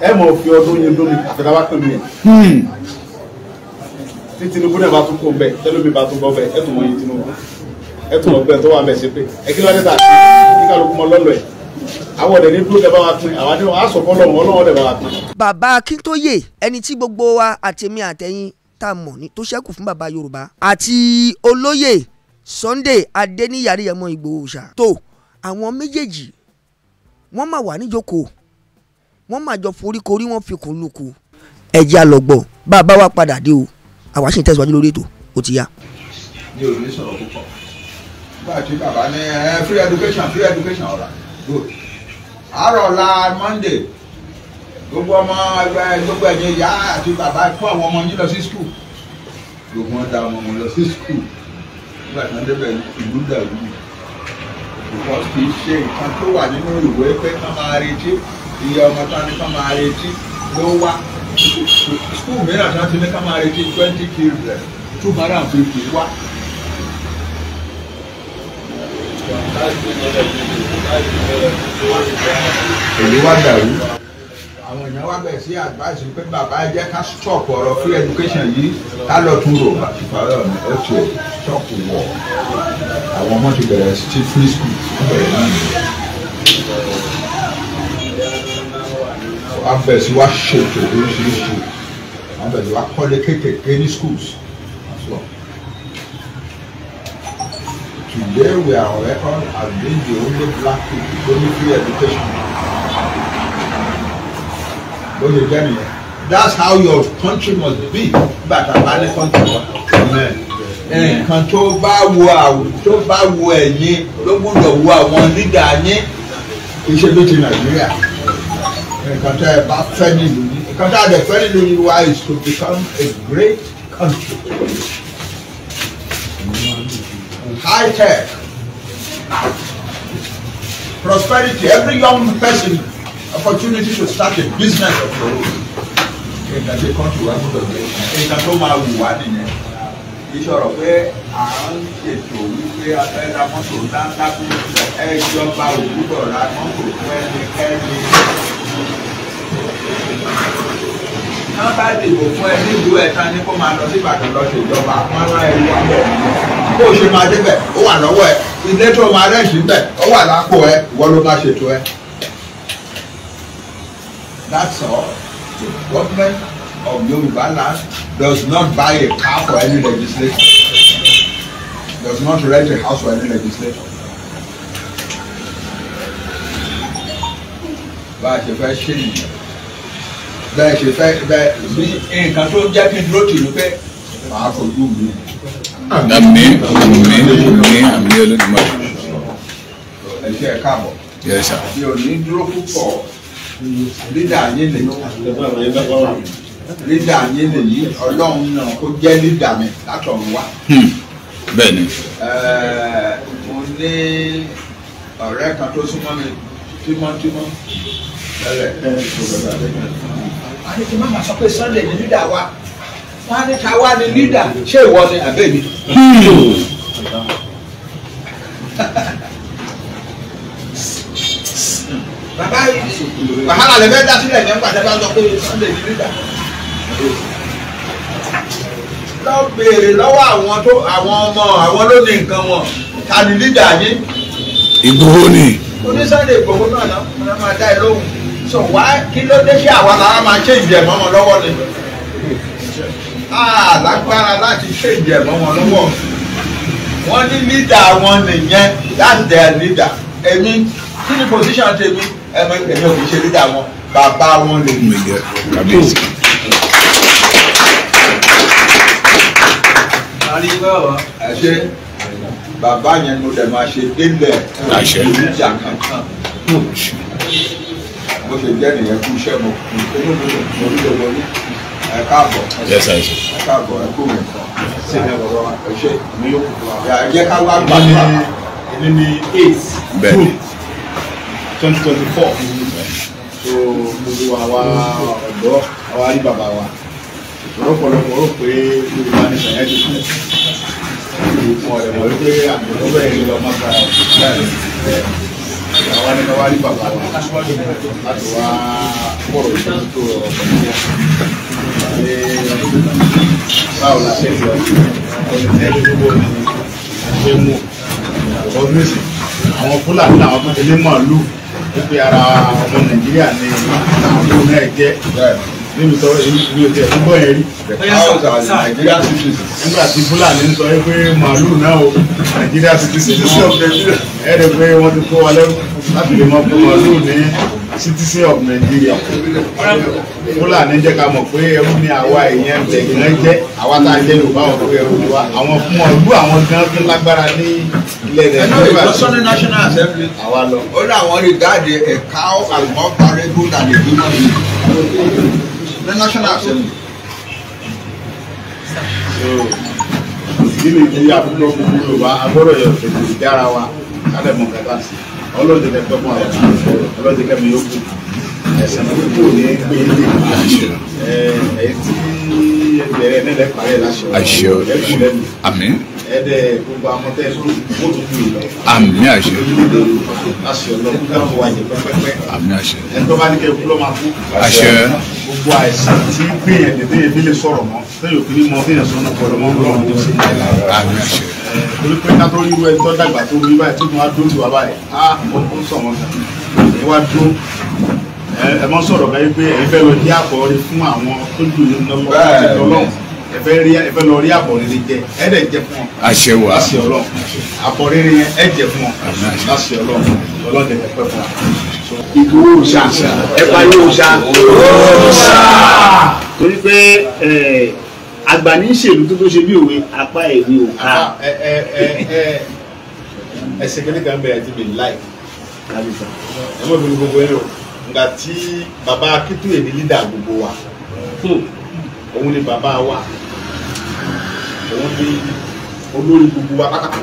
ẹ mọ̀ fi ọdún yẹn lómi àfẹ́dáwá pẹ̀lú yẹn hmm. tí Tinubu náà bá tún kó bẹ tẹlómi bá tún bọ bẹ ẹ tún mọ iye Tinubu ẹ tún mọ bẹ tó wà mẹsẹ pé ẹ kí ló dé ta kí kálukú mọ lọlọ ẹ àwọn ọ̀dẹ̀ ní dúró wa pin àwọn àdéhùn aṣọ fọlọ́run ọlọ́run ọ̀dẹ̀ bá wa pin. bàbá Akíntóyè ẹni tí gbogbo wa àtèmi àtẹ̀yin tá a mọ̀ ní tó ṣẹ́kù fún bàbá Yorùbá àti olóyè Sunday Adéníyàrí ẹ̀mọ́ Ìgbòho ṣá tó àwọn méjèèjì wọ́n mà wà níjókòó wọ́n máa jọ forí korí wọ́n fi kùn lukù ẹ̀jẹ̀ àlọ́gbọ̀ bá a bá wa padà dé o àwa sì ń tẹ̀síwájú lórí ètò ó ti yá. mi ò ní sọ̀rọ̀ púpọ̀ nígbà tí bàbá ní free education free education ọ̀rà good àárọ̀ la monday gbogbo ọmọ ẹgbẹ́ gbogbo ẹ̀yìn ìyá àti bàbá kó àwọn ọmọ yín lọ sí school gbogbo wọn da ọmọ wọn lọ sí school nígbà tí wọn débẹ̀ ìlú dàrú because kì í ṣe nǹkan tó wà nínú ìwé pé ká máa retí ìyá ọmọ tán ní ká máa retí ló wá skul mìíràn tán ti ní ká máa retí twenty children two hundred and fifty wá. èyí wá dàrú. àwọn èèyàn wá bẹ̀ sí advice pé bàbá ẹ jẹ́ ká stop ọ̀rọ̀ free education yìí ká lọ tún rò àti pàrọ̀ ọ̀nà ó ti ọ̀ stop wọ̀ àwọn ọmọ ti bẹ̀rẹ̀ sí free school ó bẹ̀rẹ̀ náà nìyẹn. wọ́n á bẹ̀rẹ̀ sí wá ṣètò oríṣiríṣi wọ́n á bẹ̀rẹ̀ sí wá kọ́lé kéékèèké ní schools as well. Today we are on as being the only black people going through education. Bó ṣe jẹ́ nìyẹn. That's how your country must be. Bàtà bá ní country wa. Nǹkan tó bá wo àwùjọ tó bá wo ẹ̀yin ló gbọ́dọ̀ wo àwọn lídà yín. Iṣẹ́ ló ti Nàìjíríà nǹkan tẹ́ ẹ bá fẹ́ nílùú yìí nǹkan tẹ́ ẹ fẹ́ nílùú yìí wá is to become a great country high tech prosperity every young person opportunity to start a business of your own nǹkan tí kọ́ńtù wa gbọ́dọ̀ gbé nǹkan tó máa wù wá nìyẹn ìṣòro pé à ń ṣètò wípé afẹ́ra mọ́tò ńláńlá fún ẹjọba òwúrọ̀ ra mọ́tò fún ẹnikẹ́ni wọ́n bá dìbò fún ẹ nílùú ẹ̀ka ní kó máa lọ sí Ìbàdàn lọ ṣèjọba wọ́n rán ẹrú àbọ̀ bó o ṣe máa débẹ̀ ó wà lọ́wọ́ ẹ ilé tó máa rẹ́ǹsì bẹ̀ ó wà lápò ẹ ìwọ ló máa ṣètò ẹ. That's all. The government of Yoruba land does not buy a car for any legislator does not rent a house for any legislator. bá a ṣe fẹ́ ṣe nìyẹn bẹ́ẹ̀ ṣe fẹ́ bẹ́ẹ̀ bí nǹkan tó jẹ́ kí n dúró tì ló pé màá fojú mi. àmì àmì àmì àmì olódùmọ̀. ẹ ṣe ẹ káàbọ̀. mi ò ní dúró púpọ̀ lídà yín lè lídà yín lè yí ọlọ́run náà kó jẹ́ lídà mi látọ̀run wá. bẹ́ẹ̀ ni. mo ní ọ̀rẹ́ kan tó súnmọ́ mi tímọ́tímọ́. Dale, dale, dale wọ́n á ní kí má máa sọ pé Sunday ni leader wa wọ́n á ní ká wá ní leader ṣé ìwọ ni àbẹ́mi. bàbá wàhálà lè fẹ́ dá sílẹ̀ ní pàṣẹ bá sọ pé Sunday ni leader lọ béèrè lọ́wọ́ àwọn tó àwọn ọmọ àwọn ló ní nǹkan wọn ta ni leader yín. Ìgbòho ni. oníṣẹ́ lè gbòho náà náà máa dá ẹ lóhùn so wá kí ló dé sí àwa làwa máa ṣe ìjẹ mọ́ wọn lọ́wọ́ ni lágbára láti ṣe ìjẹ mọ́ wọn lọ́wọ́ wọ́n ní leader wọn nìyẹn that's their leader èmi kí ni position tèmi ẹ̀mí èmi ò fi ṣe leader wọn bàbá wọn lè mú àṣẹ bàbá yẹn ló dẹ̀ máa ṣe délẹ̀ ìjà kankan bó ṣe jẹ́ nìyẹn kú iṣẹ́ mo inú mi mo rí lè wọlé ẹ káàbọ̀ ẹ káàbọ̀ ẹ kú mi ṣe ní ọ̀rọ̀ ẹ̀ṣẹ́ mi yóò kú wa. ẹ̀jẹ̀ ká wá gbàdúrà ẹni ní eight june twenty twenty four so gbogbo àwa ọ̀dọ́ àwa rí bàbá wa ọ̀pọ̀lọpọ̀ rò pé yorùbá ní sàyẹ́ ti kú ìmọ̀ ẹ̀rọ wípé àgbẹ̀lọ́bẹ̀ ìlú ọmọ kan ẹ̀ àwa ni káwá rí bàbá wa láti wá bọ̀rọ̀ ìṣẹ́jú tó ọ̀rọ̀ pẹ̀lú ẹ̀ ṣe àwọn fúlàní làwọn tó ti ní màálù wípé ara ọmọ nàìjíríà ni àwọn tó náà jẹ́ níbi tọ́ ìlú ìtẹ̀ tó bọ̀ yẹn rí. nàìjíríà citizen. nígbà tí fúlàní ń sọ yẹn pé màálù náà o nàìjíríà citizen ni wọ́n ẹ̀ rẹ̀ pé wọ́n ti kó wa lẹ́rú láti lè mọ pé màálù ní citizen of Nigeria fúlàní jẹ́ ká mọ̀ pé ẹrú ni àwa èèyàn tẹ̀gbọ́n jẹ́ àwa tá a jẹ́ yorùbá wọn pé ẹrú wa àwọn fún ọlú àwọn gan tó lágbára ní ilẹ̀ nàìjíríà. lọ́sọ̀nù the National Assembly. Gini ti àbúrò kúkú ló wá agbọ́dọ̀ yọ ètò ìdára wa kálẹ̀ mọ̀ kẹta sí ọlọ́dẹ kẹtọ́ mọ̀ ẹ̀ ọlọ́dẹ kẹmi yóò kú ẹ̀sẹ̀ náà kúkú ní pé ní ẹ̀ ẹ̀ tí ẹ̀ eh, bẹ̀rẹ̀ nílẹ̀ parí ẹ̀ láṣẹ ọ̀rẹ́ ẹ̀ kú lẹ́nu ẹdẹ gbogbo amọtẹ mọtò kù yìí lọ. àmì àṣẹ. àṣẹ ọlọ́run náà wà ní pẹpẹpẹ. àmì àṣẹ. ẹnitọ́ bá ní kẹ́ ikú ló máa kú. àṣẹ. gbogbo àìsàn tí gbìyànjú tètè yẹn bí lè sọ̀rọ̀ mọ́ tẹ́yìn òkú ní mọ bí yẹn sọ̀rọ̀ pọ̀ lọ́mọ́ lọ́run tó ṣe. àmì àṣẹ. torí pé ká tó irú ẹni tó dàgbà tó rí báyìí tó tún wá dó ìwà báyìí á ó ń sọ̀ wọ́n kan ẹ wá dó ẹ mọ́ sọ̀rọ̀ báyìí pé ẹ fẹ́ lọ dí àkọ́rí fún àwọn tó dùn ní lọ́wọ́ ẹfẹ rí ẹfẹ lọ rí àbọ̀ rere jẹ ẹ dẹ̀ jẹ fún ọ. àṣẹ wa àṣẹ Ọlọ́run àbọ̀ rere yẹn ẹ jẹ fún ọ àṣẹ Ọlọ́run ọlọdẹ ẹ pẹ fún ọ. ìlú òòṣà ẹ parí òòṣà. òòṣà. torí pé àgbà ní ìṣèlú tó tó ṣe bí òwe apá èmi ò ká. ẹsẹ̀ kẹ́lẹ́ kan bẹ̀rẹ̀ ti bè láì. ẹ mọ̀ bí gbogbo ẹ̀rọ nga tí baba akíntóye ní lídà gbogbo wa hmm. òun ni baba wa òun ni olórí gbogbo wa pátápátá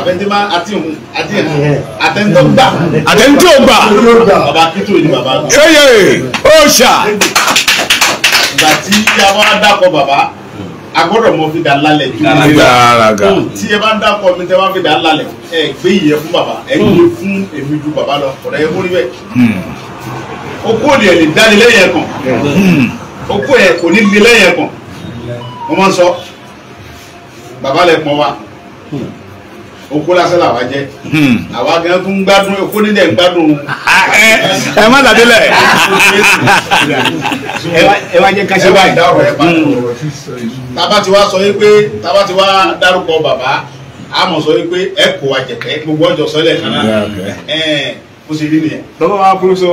àbẹ̀ntìmá àti òun àti ẹ̀ àtẹ̀ntọ́ gbà. àtẹ̀ntọ́ gbà. bàbá kító ni bàbá náà. ṣéyè ó ṣà. ìgbà tí yàrá dàpọ̀ bàbá a gbọ́dọ̀ mọ fi dà lálẹ́ ju ìgbàlaga tí ẹ bá ń dàpọ̀ mi tẹ́ bá fi dà lálẹ́ ẹ gbé ìyẹn fún bàbá ẹ gbé fún èmi ju bàbá lọ ọ̀rẹ́ ẹ mórí bẹ́ẹ̀. okó ni ẹ lè dá ní lẹ́yìn hmm. ẹ̀ kàn okó ẹ kò ní lè lẹ́yìn ẹ̀ kàn wọ́n máa ń sọ bàbá lẹ pọn wa oko lásán làwa jẹ hmm. àwa gan tún gbádùn oko nílẹ̀ ń gbádùn. ẹ má dàbí lẹ. ẹ wá jẹ kásí wá ìdá ọ̀rọ̀ ẹ hmm. bá lọ. tába ti wá sọ yìí pé tába ti wá dárúkọ bàbá a mọ̀ sọ yìí pé ẹ kò wá jẹ̀kẹ́ gbogbo ọjọ́ sọ́lẹ̀ kan náà kó ṣe rí nìyẹn. lọ́wọ́ wa kúrú sọ.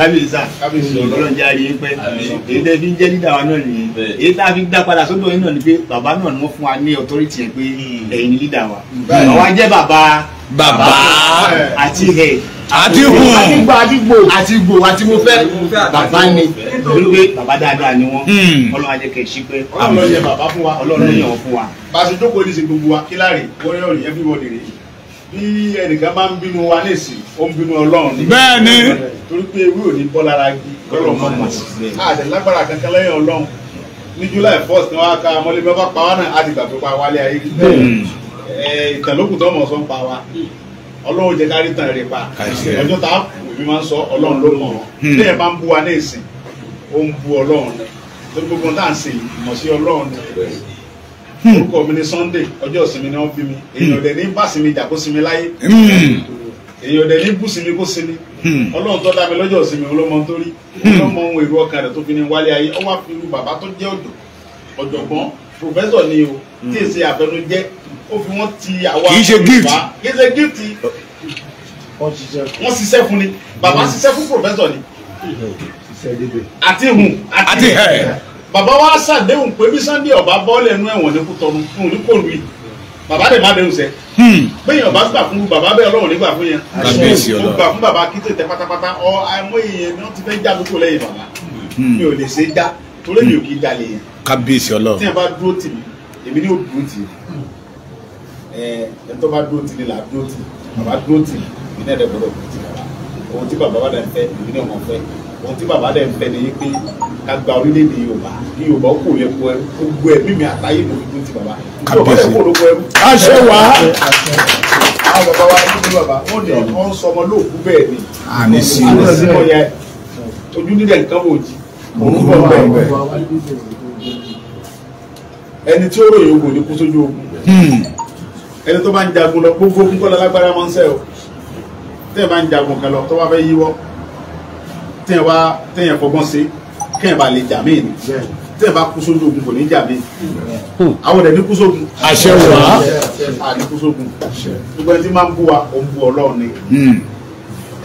kábíyèsí sá ọlọ́run jẹ́ àríyé pẹ́ èyí tẹ́ fi ń jẹ́ lídà wa náà nìyẹn èyí tá a fi dá padà sọ́dọ̀ yín náà ni pé bàbá náà ni wọ́n fún wa ní ọtọ́rìtì yẹn pé hmm. ẹ̀yin lídà wa àwa jẹ́ bàbá bàbá àti ẹ̀ àti hù àtìgbò àtìgbò àtìgbò àti mo fẹ́ bàbá ni lórí pé bàbá dáadáa ni wọ́n hmm. ọlọ́run ajẹ́ kẹ̀ sí pé ọlọ́run yẹ bàbá fún wa ọlọ́run yẹ hmm. wọn fún wa. bá jókòó ní ìsìn gbogbo wa kíláàrè wọ́n yọ̀rì everybody bí ẹnìkan bá ń bínú wa nísìn ó ń bínú ọlọ́run ni. bẹ́ẹ̀ni. torí pé ewé ò ní bọ́ lára gbé kọ́lọ̀ mọ́ mọ́ àdè lágbára kankan lẹ́yìn ọlọ́run ní july first ni wọ́n á ka mọ́lẹ́ mẹ́fà pa wá náà á ti gbà tó pa wálé ayé. ìtàn lókùn tó mọ̀ sọ ń pa wa ọlọ́run jẹ́ kárí tàn rẹ̀ pa ọjọ́ tá a kù mi máa ń sọ ọlọ́run ló mọ̀ ọ́ hmm. tí ẹ bá ń bú wa ní ìsìn ó ń bú ọlọ́run ni tó gbogbo náà sì mọ̀ sí ọlọ́run ni Hmm. orúkọ mi ni Sunday ọjọ́ ìsinmi ni wọ́n bí mi èèyàn hmm. dẹ̀ ní bá sinmi jà kó sinmi láyé hmm. èèyàn dẹ̀ ní bú sinmi kó sinmi ọlọ́run tó dá mi lọ́jọ́ ìsinmi ọlọ́mọ tó rí ohun èrò ọkàn rẹ̀ tó fi ní wálé ayé ọwọ́ àfihàn bàbá tó jẹ́ ọ̀dọ́ ọ̀jọ̀gbọ́n professor ni o tí ì ṣe àfẹnujẹ́ ó fi wọ́n ti àwa kì í ṣe gift kì í ṣe gift wọ́n ṣiṣẹ́ fún ni bàbá ṣiṣẹ́ fún professor ni àti hùn àti hẹ́ẹ̀ bàbá wa ṣàdéhùn pé bí ọba bọ́ọ̀lù ẹnu ẹ̀wọ̀n ní kútọ́nu fún un ní kò lùi bàbá dẹ̀ má dẹ̀hùn sẹ́ hmm. bẹ́ẹ̀ ọba gbà fún bàbá bẹ́ẹ̀ ọlọ́run nígbà fún yẹn ó gbà fún bàbá Akinte tẹ pátápátá ọ àìmọ èèyàn ni wọ́n ti fẹ́ já lóko lẹ́yìn bàbá hmm. mi ò lè ṣe já torí mi ò hmm. kì í jalè yẹn kábíyèsí ọlọ́run tí ẹ bá dúró tì mí èmi ni ó dúró tì mí ẹ ẹ tó bá dúró tì mí là á dúró tì mí bàbá dúró tì mí ìdí náà dẹ̀ gbọ́dọ̀ dúró tì bàbá ohun tí bàbá bá dẹ̀ fẹ́ ìdí ohun tí bàbá dẹ̀ ń fẹ́ ni pé ká gba orílẹ̀-èdè yorùbá kí yorùbá kò lè kó ẹrú gbogbo ẹ mímí àtàyè ló fi kún ti bàbá yorùbá lè kó ló kó ẹrú. a ṣe wá. àwọn bàbá wa ní bàbá wọn ní ọkọ ń sọmọ lóòkú bẹ́ẹ̀ ni. àmì sí i àmì sí i yẹn ojú nílẹ̀ nǹkan wò jí òun bọ̀ bẹ́ẹ̀ bẹ́ẹ̀ ẹni tí ó ròyìn ogun ní kú sójú ogun hmm. ẹni tó bá ń jagun lọ gbogbo ogun kọ́ lọ lágbára mọ́ ń sẹ́ o tẹ́ẹ̀ bá ń jagun kan lọ tó bá fẹ́ yíwọ́ téèyàn wá téèyàn fọgbọ́n ṣe kéèyàn bá lè jà míì ni téèyàn bá kú sójú ogun kò ní jà míì hmm. àwọn ọ̀dẹ̀ ní kú sógun. àṣẹ wà á àní kú sógun gbogbo ẹni tí máa ń bú wa òun bú ọlọ́run ni hmm.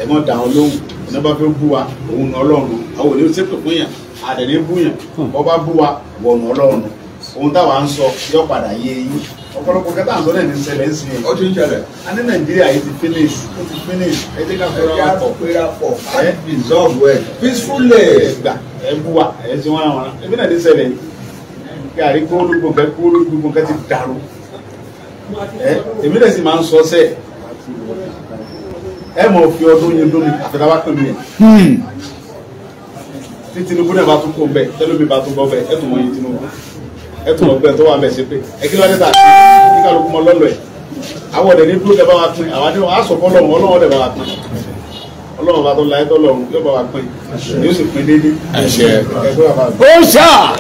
ẹ mọ̀ dà ọ́ lóhùn ẹni bá fẹ́ bú wa òun nà ọlọ́run àwọn òní sépè fún yàn àdẹ̀ ní bú yàn hmm. ọba bú wa wọ̀nà ọlọ́run ohun táwa ń sọ yọ padà yé yín ọ̀pọ̀lọpọ̀ kẹta àtọ́ náà ní ṣẹlẹ̀ sí i. ó ti ń ṣẹlẹ̀. a ní nàìjíríà yìí ti finish ó ti finish ẹ jẹ́ ká fẹ́ra wa pọ̀ fẹ́ra pọ̀ ẹ resolve ẹ peacefully. ẹ gbà ẹ bú wa ẹ ti wọ́n àwọn ẹbí náà ní ṣẹlẹ̀ yìí gàrí kóológbò kẹ kóológbò kẹ ti dàrú ẹ èmi náà sì máa ń sọ sẹ ẹ mọ̀ fi ọdún yẹn lómi àfẹ́tàwá pẹ̀lú yẹn hmm. tí Tinubu náà bá tún kó bẹ́ẹ̀ tẹ́lómi bá ẹ tún ọgbẹ tó wà mẹsẹ pé ẹ kí ló dé tà sí kí kálukú mọ lọlọ ẹ àwọn ọdẹ ní dúró dẹ bá wa pin àwọn adé wọn á sọ fọlọrun Ọlọ́run ọdẹ bá wa pin Ọlọ́run bá tó la ẹ tọlọ́run yóò bá wa pin yóò sì pin déédéé. ó ṣáà.